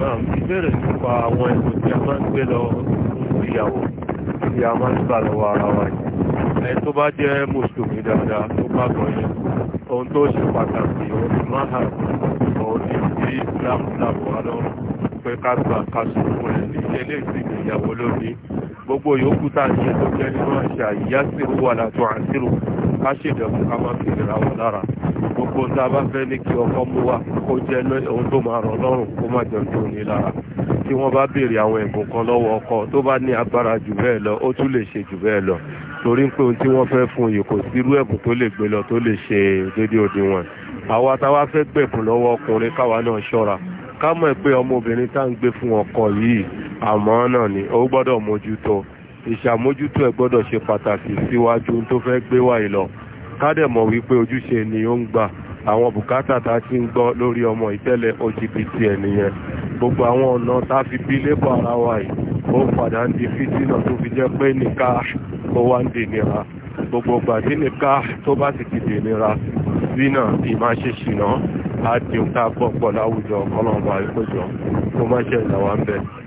náà ìbéèrè nípa àwọn ẹ̀kọ́ tí a máa ń gbé lọ fún ìyàwó tí a máa ń gbà lọ́wọ́ ara wa yìí ẹ tó bá jẹ́ mùsùlùmí dáadáa tó bá gbọ́yé ohun tó ṣe pàtàkì òun ni mahar òun ni bí islam làbọ̀ wá lọ́rùn pé ká gbà ká sùn fún ẹ̀ ní eléyìí sì ìyàwó lónìí gbogbo yòókù tá a ṣe tó jẹ́ nínú àṣà ìyá sí wà látọ̀ àṣírò ká ṣèdẹ̀kù ká má fi ìlera lára gbogbo tá a bá fẹ́ ní kí ọkọ mú wa kó jẹ́ ohun tó máa rọ̀ lọ́rùn kó má jẹun tó ní lára tí wọ́n bá béèrè àwọn ẹ̀bùn kan lọ́wọ́ ọkọ tó bá ní agbára jù bẹ́ẹ̀ lọ ó tún lè ṣe jù bẹ́ẹ̀ lọ torí pé ohun tí wọ́n fẹ́ fún yìí kò sírú ẹ̀bùn tó lè gbé lọ tó lè ṣe déédé òdiwọ̀n àwa táwa fẹ́ gbẹ̀bùn lọ́wọ́ ọkùnrin káwa náà ṣọ́ra ká mọ̀ pé ọmọbìnrin tá ń gbé fún ọkọ yìí àmọ́ náà ni ó gbọ́dọ̀ mójútó ìṣàmójútó ẹ̀ gbọ́dọ̀ ṣe pàtàkì síwájú tó fẹ́ gbé wáyé lọ ká dẹ̀ mọ̀ wípé ojúṣe ni ó ń gbà àwọn bùkátà tá a ti ń gbọ́ lórí ọmọ ìtẹ́lẹ̀ OGPT ẹ̀nìyẹn gbogbo àwọn ọ̀nà tá a fi bí lébọ̀ ara wa yìí ó padà ń di fítínà tó fi jẹ́ pé nìka ó wá ń dènìra gbogbo ìgbà tí nìka tó bá sì ti dènìra sínà ìmáṣeṣìnà á di tá a gbọ́ pọ̀ láwùjọ ọlọ́run àìpéjọ tó má ṣe ìlàwà ń bẹ́ẹ̀.